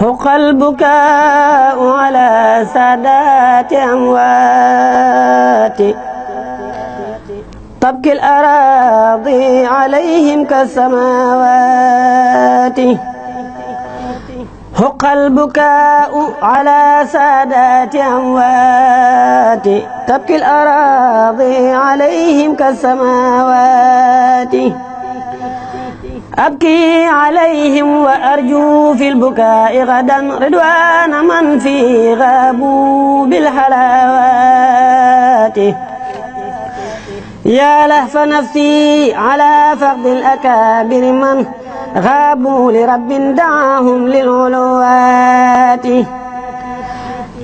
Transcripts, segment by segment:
حق البكاء على سادات أمواتي تبكي الأراضي عليهم كالسماوات حق البكاء على سادات أموات تبكي الأراضي عليهم كالسماوات أبكي عليهم وأرجو في البكاء غدا رضوان من في غابوا بالحلاوات يا لهف نفسي على فقد الأكابر من غابوا لرب دعاهم للعلوات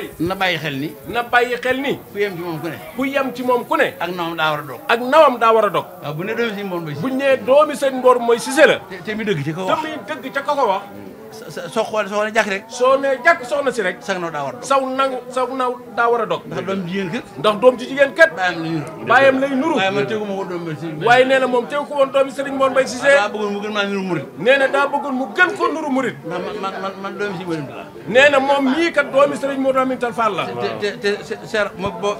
mooy. na bàyyi xel ni. na bàyyi xel ni. ku yem ci moom ku ne. ku yem ci moom ku ne. ak nawam daa war a dog. ak nawam daa war a dog. bu ne doomi seen mboor mooy. bu ñu nee doomi seen mboor mooy Cissé la. te mi dëgg ca ko te muy dëgg ca ko ko wax. soo xool soo ne jàkk rek soo ne jàkk soxna si rek sax naw daa war a dog saw nangu saw naw daa war a dog ndax doom jigéen kët ndax doom ci jigéen kët bàyyam lay nuru waaye man tegu waaye nee na moom tegu ko woon doomi sëriñ Mor Mbaye Cissé ah, daa bëggoon mu gën maa si murit la nee na moom mii kat doomi sëriñ Mor Amin Tal Fall la te te Cheikh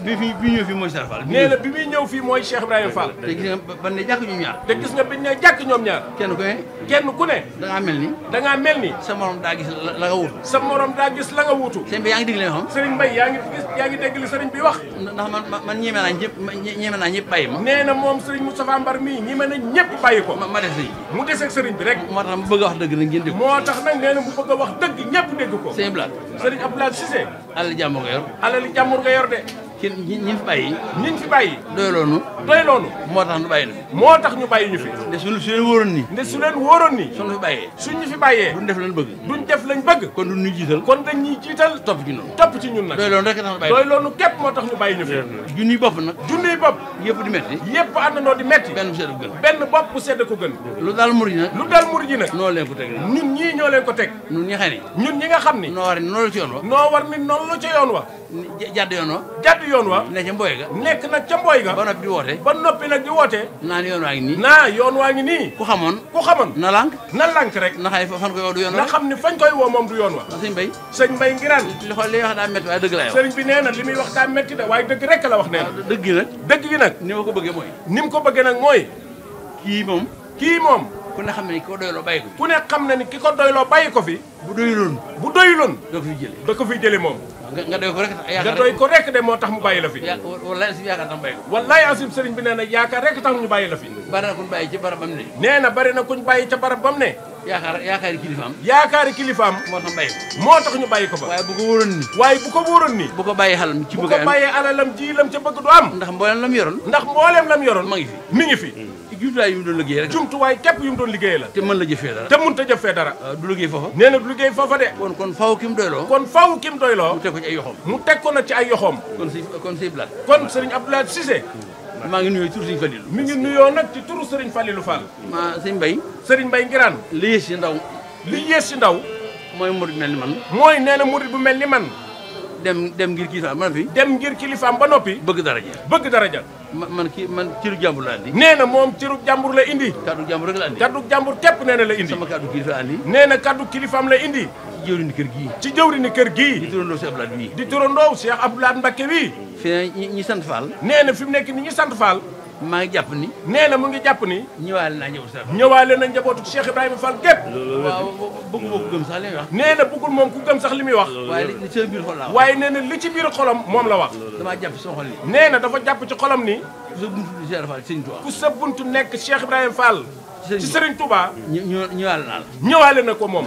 bi fi bi ñëw fii mooy Cheikh Fall nee na bi muy ñëw fii mooy Cheikh Ibrahima Fall te gis nga ban ne jàkk ñoom ñaar te gis nga bañ ne jàkk ñoom ñaar kenn ku ne kenn ku ne da ngaa mel ni sa morom daa la nga wutu sa morom daa gis la nga wutu sëriñ bi yaa ngi dégg li nga xam sëriñ Mbay yaa ngi gis yaa ngi bi wax ndax man man ñeme naa ñëpp ñeme naa ñëpp bàyyi ma nee na moom sëriñ Moustapha Mbar mii ñeme na ñëpp bàyyi ko ma des nii mu des ak sëriñ bi rek moo tax mu bëgg a wax dëgg na ngeen dégg moo tax nag nee na mu bëgg a wax dëgg ñëpp dégg ko sëriñ Abdoulaye Cissé alal jàmbur nga yor alal jàmbur nga yor de ci ñi fi bàyyi ñi moo tax ñu bàyyi na moo tax ñu bàyyi ñu ni su leen wóoroon ni suñu fi bàyyee suñu fi bàyyee duñ def lañ bëgg kon duñ ñu kon dañ ñuy jiital topp ci ñun topp ci tax ñu bàyyi doyloonu képp moo tax ñu bàyyi ñu fi junniy bopp nag junniy bopp yëpp lu dal mur ji nag lu dal mur ji nag noo leen ko teg ñun ñii ñoo leen ko teg ñun ñi xam ne ñun ñi nga xam ni noo war ni noonu la ci yoon wa noo war ni noonu ci yoon wa jàdd yoon wa jàdd yoon wa ne ca mbooy ga nekk nag ca mbooy ga ba noppi di woote ba noppi nag di woote naan yoon waa ngi nii naa yoon waa ngi nii ku xamoon ku xamoon na lànk na lànk rek na xam ne fan koy woo du yoon na xam ne fañ koy woo moom du yoon wa sëñ Mbay sëñ Mbay Ngiraan li xool li wax daa métti waaye dëgg la yow sëriñ bi nee na li muy wax daa métti de waaye dëgg rek la wax nee na dëgg gi nag dëgg gi nag ni ma ko bëggee mooy ni mu ko bëggee nag mooy kii moom kii moom ku ne xam ne ni ki ko doyloo bàyyi ko fi. ne xam ne ni ki ko doyloo bàyyi ko fi. bu doyuloon bu doyuloon. doo ko fi jëlee moom. nga doy ko rek nga de moo tax mu bàyyi la fi. wallaay asim yaakaar tax mu bàyyi ko. wallaay asim sëriñ bi nee na yaakaar rek tax ñu bàyyi la fi. bari na kuñ bàyyi ci barab ne. nee na bari na kuñ bàyyi ca barab ne. yaakaar yaakaari kilifaam. yaakaari kilifaam. moo tax bàyyi ko. moo tax ñu bàyyi ko ba. waaye bu ko wóoroon waaye bu ko wóoroon ni. bu ko bàyyi xalam ci bëgg a am bu ko bàyyee ca bëgg du am. ndax mbooleem lam yoroon. ndax mbooleem lam yoroon. ma ngi fi mi ngi fi. Mm. jumtuwaay yu mu doon liggéey rek jumtuwaay képp yu mu doon liggéey la te mën la jëfee dara te mën ta jëfee dara ah, du liggéey foofa nee na du liggéey foofa de kon kon faw ki mu doyloo kon faw ki mu doyloo mu teg ci ay yoxoom mu teg kon si kon si blaat kon sëriñ maa ngi nuyoo ci turu Serigne Fallilou mi ngi nuyoo nag ci turu Serigne Fallilou Fall ma Serigne Mbaye Serigne Mbaye Ngiraan li yées si ndaw li yées si ndaw mooy murid mel ni man mooy nee na murid bu mel ni man dem dem ngir kilifaam ba noppi. dem ngir kilifaam ba noppi. bëgg daraja bëgg daraja. man kii man cëru jàmbur la andi. nee na moom cëru jàmbur la indi. kaddu jàmbur rek la andi. kaddu jàmbur képp nee na la indi. sama kaddu kilifa andi. nee na kaddu kilifaam la indi. ci jëwriñu kër gii. ci jëwriñu kër gii. di turandoo Cheikh Abdoulaye bii. di turandoo Cheikh Abdoulaye Mbacké bii. fi ne ñi sant Fall. nee na fi mu nekk nii ñi sant Fall. maa ngi jàpp ni. nee na mu ngi jàpp ni. ñëwaale naa njabootu Cheikh Ibrahima. ñëwaale na njabootu Cheikh Ibrahima Fall gépp. loolu la bëgg moo ko gëm sax li muy wax. nee na bëggul moom ku gëm sax li muy wax. waaye li ci biir xol la waaye nee na ci biir xolam moom la wax. damaa jàpp ci sama xol nee na dafa jàpp ci xolam ni. ku sa buntu Cheikh Ibrahima Fall sëñ nekk Cheikh Ibrahima Fall. ci Serigne Touba. ñu ñu ñëwaale naa la. ñëwaale na ko moom.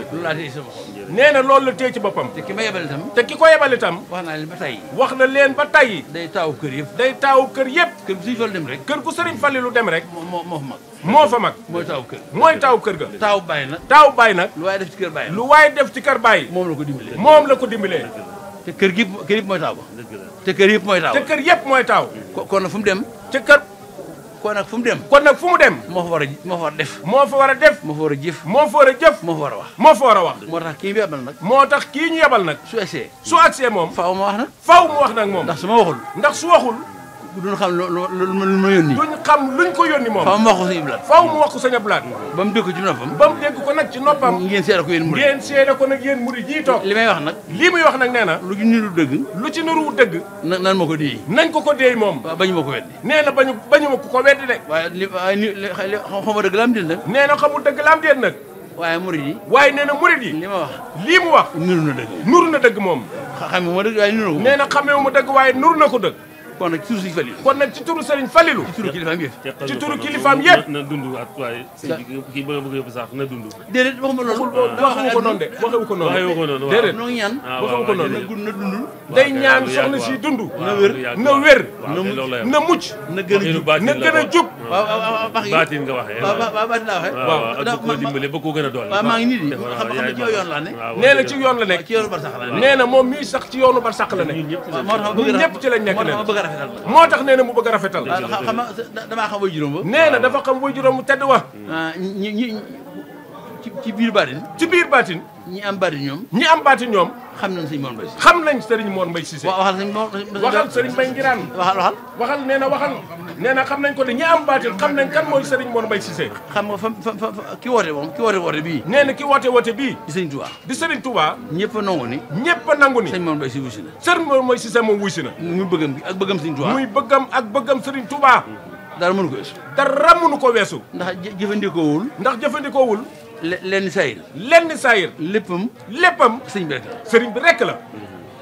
nee na loolu la téye ci boppam. te ki ma yebal itam. te ki ko yebal itam. wax naa leen ba tey. wax na leen ba tey. day taawu kër yëpp. day taawu kër yëpp. kër gu Serigne Fall dem rek. kër gu Serigne Fallilu dem rek. moo moo fa mag. moo fa mag. mooy taawu kër. mooy taawu kër ga. taawu baay nag. taawu baay nag. lu waay def kër baay. lu waay def ci kër baay. moom la ko dimbalee. moom la ko dimbalee. te kër gi kër yëpp mooy taaw. te kër yëpp mooy taaw. te kër yëpp mooy taaw. kon na fu mu dem. te kër kon nag fu mu dem kon nag fu mu dem moo fa war a moo def moo fa war a def moo fa war a jëf moo fa war a jëf moo fa war wax moo fa war a wax moo tax kii ñu yebal nag moo tax kii ñu yebal nag su agsee su agsee moom faaw ma wax nag faaw mu wax nag moom ndax su ma waxul ndax su waxul duñ xam lu lu lu ma yónni. duñ xam luñ ko yónni moom. faaw mu wax ko sëñ Ablaat. faaw mu wax ko sëñ Ablaat. ba mu dégg ko ci noppam. ba mu dégg ko nag ci noppam. ngeen seere ko ko nag yéen murid yi toog. li may wax nag. lii muy wax nag nee na. lu ci niru dëgg. lu ci niru dëgg. na nan ma ko déy. nañ ko ko déy moom. waaw bañu ma ko weddi. nee na bañu bañu ma ko weddi de. waaye li waaye li xaw ma dëgg la am nag. nee na xamul dëgg la am déet nag. waaye murid yi. waaye nee na murid yi. li ma wax lii mu wax. nuru na dëgg nuru na dëgg moom. xamee ma dëgg waaye nuru na ko. nee na xamee ma dëgg waaye nuru na ko dëgg kon nag ci turu Serigne Falilou. kon ci turu Serigne Falilou. ci turu kilifaam yëpp na dund ak waaye kii ba nga bëgg a yóbbu na ñaan. Ah, waxewu na dund. day na wér na wér. na mucc na gën waaw waaw wax baatin nga waxee waaw baatin laa waxee waaw ak ko dimbale ba ko gën a doole waaw maa ngi nii di xam xam ci yoon la nekk nee na ci yoon la nekk ci yoonu barsax la nekk nee na moom mii sax ci yoonu barsax la nekk ñun ñëpp ci lañ nekk nee na bëgg a rafetal moo tax nee na mu bëgg a rafetal xam damaa xam way juróom ba nee na dafa xam way juróom mu tedd wa ah, ñi ci biir baatin ci biir baatin ñi am baatin ñoom ñi am baatin ñoom xam nañ sëñ Mor xam nañ sëriñ Mor Mbaye Cissé waxal sëñ Mor waxal sëriñ Mbaye Ngiraan waxal waxal waxal nee na waxal nee xam nañ ko de ñi am baatin xam nañ kan mooy sëriñ Mor Mbaye Cissé xam nga fa fa ki woote moom ki woote woote bii nee na ki woote woote bii di sëriñ Touba di sëriñ Touba ñëpp nangu ni ñëpp a nangu ni sëñ Mor Mbaye si wuy si na sëriñ Mor Mbaye Cissé moom wuy si na muy bëggam ak bëggam sëriñ Touba muy bëggam ak bëggam sëriñ Touba dara mënu ko weesu dara mënu ko weesu ndax jëfandikoowul ndax jëfandikoowul lenn saayir lenn saayir léppam léppam sëriñ bi rek la sëriñ bi rek la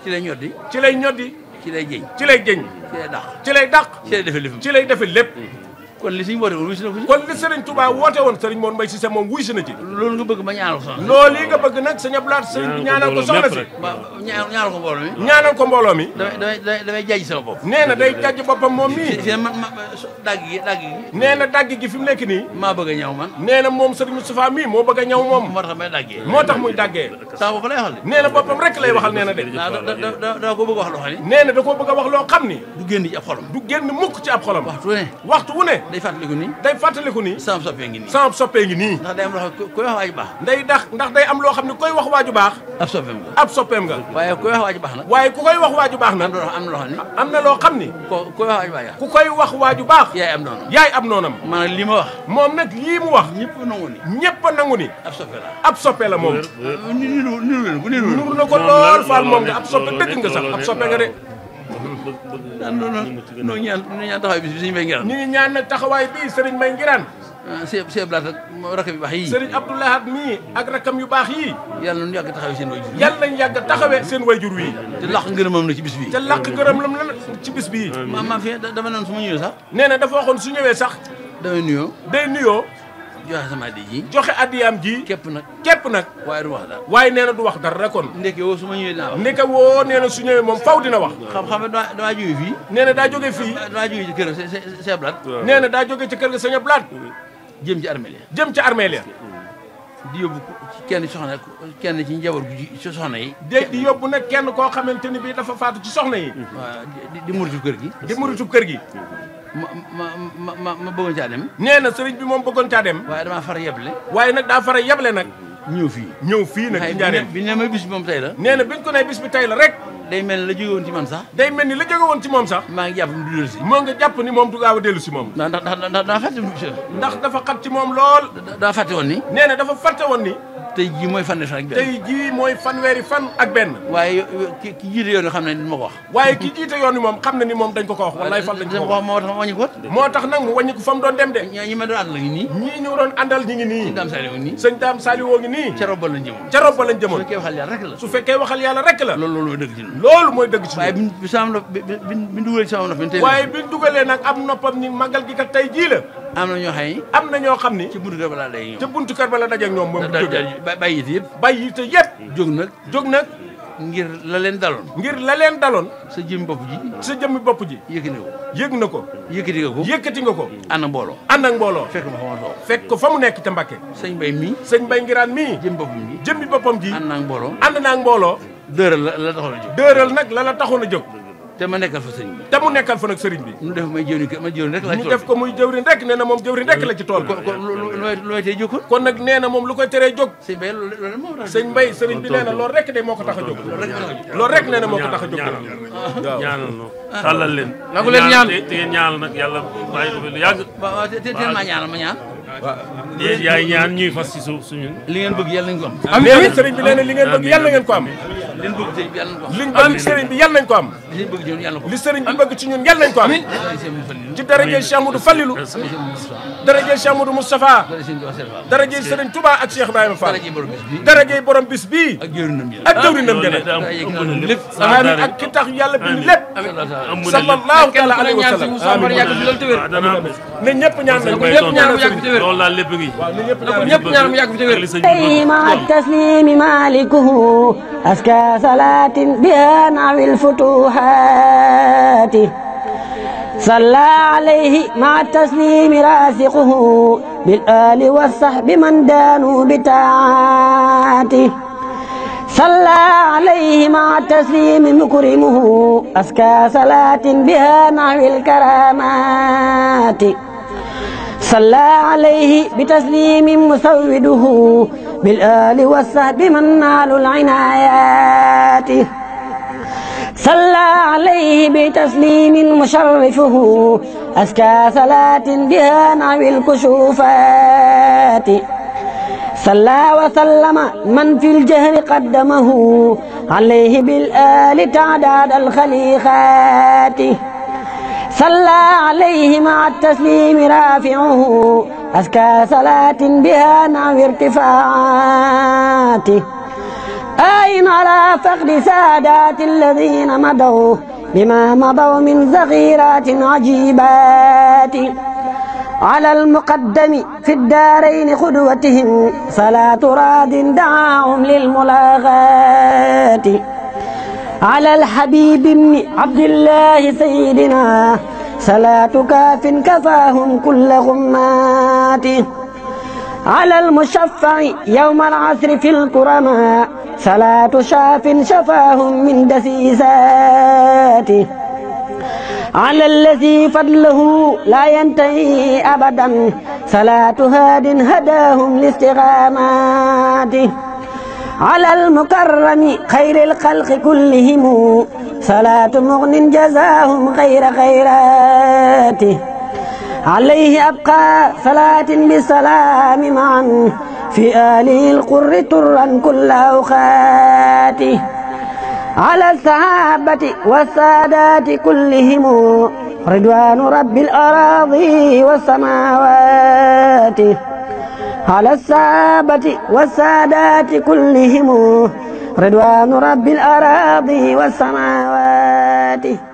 ci lay ñoddi ci lay ñoddi ci lay jëñ ci lay jëñ ci lay dàq ci lay dàq ci lay defe lépp ci lay defe lépp kon li sëñ woote woon wuy si na ko ci kon li sëriñ Touba woote woon sëriñ Mor Mbaye Cissé moom wuy si na nga bëgg ma ñaanal ko soxna loolu nga bëgg nag sëñ Abdou Lahad sëriñ bi ko soxna si ñaanal ko mbooloo mi ñaanal ko mbooloo mi damay damay jajj sama bopp nee na day jajj boppam moom mii dagg gi dagg gi nee na dagg gi fi mu nekk nii maa bëgg a ñaw man nee na moom sëriñ Moustapha mii moo bëgg a ñaw moom moo tax may daggee moo tax muy daggee sama bopp lay waxal nee na boppam rek lay waxal nee na ko bëgg wax loo xam ni bëgg a wax loo xam ni du génn ci waxtu wu day fàttaliku nii day fàttaliku nii sama soppee ngi nii sama soppee ngi nii ndax day am loo xam koy wax waaju baax ndax day am loo xam ne koy wax waaju baax ab soppeem nga ab waaye koy wax baax nag waaye ku koy wax waaju baax nag am na loo xam ne am na loo xam ni ko koy wax waaju baax ku koy wax waaju baax yaay am noonam yaay am noonam maanaam lii ma wax moom nag lii mu wax ñëpp nangu ni ñëpp nangu ni ab soppe la ab soppe la moom nuru ko lool faal moom nga ab soppe dëgg nga sax ab soppe nga de ah non non non ñaan ñaan taxawaay bi sëriñ Mbaye Ngiraan. ñu ngi ñaan nag yu baax yii. sëriñ Abdoulaye Hadj mii ak rakam yu baax yii. yàlla nañu yàgg taxawee seen wayjur yàlla nañu yàgg taxawee seen wayjur wi. la ci bis bii. te làq ngërëmam la ci bis bii. ma ma fi dama noonu su ma ñëwee sax. nee na dafa waxoon su ñëwee sax. damay nuyoo day nuyoo. joxe sama addi ji joxe addiyaam ji képp nag képp nag waaye du wax dara waaye nee na du wax dara kon ndeke woo su ma ñëwee dinaa wax ndeke woo nee na su ñëwee moom faw dina wax xam-xam daa jóge fii nee na daa jóge fii daa jóge ci kër Sëñ Ablaat nee na daa jóge ci kër ga Sëñ Ablaat jëm ci armeel ya jëm ci armeel ya di yóbbu kenn soxna kenn ci njaboot gu soxna yi de di yóbbu nag kenn koo xamante ni bii dafa faatu ci soxna yi waaw di muritu kër gi di muritu kër gi ma ma ma ma bëggoon caa dem. nee na sëriñ bi moom bëggoon caa dem. waaye damaa fara yable waaye nag daa far yeble nag. ñëw fii ñëw fii nag. ci njaareem bi ne ma bis moom tey la. nee na biñ ko nee bis bi tey la rek. day mel ni la jóge woon ci man sax day mel ni la jóge woon ci moom sax maa ngi jàpp mu du dellu si moo nga jàpp ni moom du gaaw a dellu si moom ndax ndax dafa xat ci moom lool daa fàtte woon ni nee na dafa fàtte mooy fanweeri fan ak ak benn waaye ma ko wax waaye ki jiite yi moom xam ne moom moo tax wàññi ko moo tax nag mu wàññi ko fa mu doon dem de ñi ma doon àndal ngi nii ñu doon àndal ñi ngi nii sëñ daam saali ngi nii ca robba lañ jëmoon ca robba lañ jëmoon su fekkee waxal yàlla rek la su loolu loolu dëgg ci loolu mooy dëgg ci waaye bi sama nopp bi bi waaye dugalee nag am noppam ni magal gi kat tey jii la am na ñoo xam am na ñoo xam ni ci buntu kër ba la day ci buntu kër ba la dajeeg ñoom moom bàyyi it yëpp bàyyi it yëpp jóg nag jóg nag ngir la leen daloon ngir la leen daloon sa jëmmi bopp ji sa jëmmi bopp ji yëg na ko yëg na ko yëkkati nga ko yëkkati nga ko ànd na mbooloo ànd mbooloo fekk ma fa ma toog fekk ko fa mu nekk ca Mbàkke sëñ Mbay mii sëñ Mbay Ngiraan mii jëmmi boppam ji jëmmi boppam ji ànd na ak mbooloo ànd naa mbooloo dëral la la taxoon a jóg. dëral nag la la taxoon a jóg. te ma nekkal fa sëriñ bi. te mu nekkal fa nag sëriñ bi. mu def may jëwriñ ma jëwriñ rek la ci tool mu def ko muy jëwriñ rek nee na moom jëwriñ rek la ci tool bi. kon lu may tey jóg kon. kon nag nee na moom lu koy teree jóg. sëñ Mbaye loolu moo tax sëñ Mbaye sëriñ bi nee na loolu rek de moo ko tax a jóg. loolu rek nee na moo ko tax a jóg. waaw ñaanal noo ah. tàllal leen. nangu leen ñaan te ngeen ñaanal nag yàlla bàyyi ko fi lu yàgg. waaw waaw te te maa ñaanal ma ñaan. waaw yaay ñaan ñuy fas ci suuf suñu li ngeen bëgg yàlla nañ ko am amiin sëriñ bi nee na li ngeen bëgg yàlla ngeen ko am li ngeen bëgg sëriñ bi yàlla nañ ko am li ngeen bëgg sëriñ bi yàlla nañ ko am li bëgg ñun yàlla ko li sëriñ bi bëgg ci ñun yàlla nañ ko am ci daraje Cheikh Amadou Fallilou daraje Cheikh Amadou Moustapha daraje sëriñ Touba ak Cheikh Ibrahima Fall daraje borom bis bi ak jëwrinam ak jëwrinam gën lépp amiin ak ki tax yàlla bind lépp sallallahu taala alayhi wa sallam ne ñëpp ñaan nañ ko ñëpp ñaan nañ ko loolu laa lépp ngi yi na ko ñëpp ñaan mu yàgg fi tawér صلى عليه مع التسليم راسقه بالآل والصحب من دانوا بتاعاته صلى عليه مع التسليم مكرمه أزكى صلاة بها نعم الكرامات صلى عليه بتسليم مسوده بالآل والسهب من نال العنايات صلى عليه بتسليم مشرفه أزكى صلاة بها نعم الكشوفات صلى وسلم من في الجهر قدمه عليه بالآل تعداد الخليقات صلى عليه مع التسليم رافعه أزكى صلاة بها نعم ارتفاعاته أين على فقد سادات الذين مضوا بما مضوا من زغيرات عجيبات على المقدم في الدارين قدوتهم صلاة راد دعاهم للملاغات على الحبيب بن عبد الله سيدنا فلا تكاف كفاهم كل غمات على المشفع يوم العصر في الكرماء فلا تشاف شفاهم من دسيساته على الذي فضله لا ينتهي أبدا فلا تهاد هداهم لاستغامات على المكرم خير الخلق كلهم صلاة مغن جزاهم خير غيراته عليه أبقى صلاة بسلام معا في آله القر ترا كل أوقاته على الصحابة والسادات كلهم رضوان رب الأراضي والسماوات على الصحابة والسادات كلهم رضوان رب الأراضي والسماوات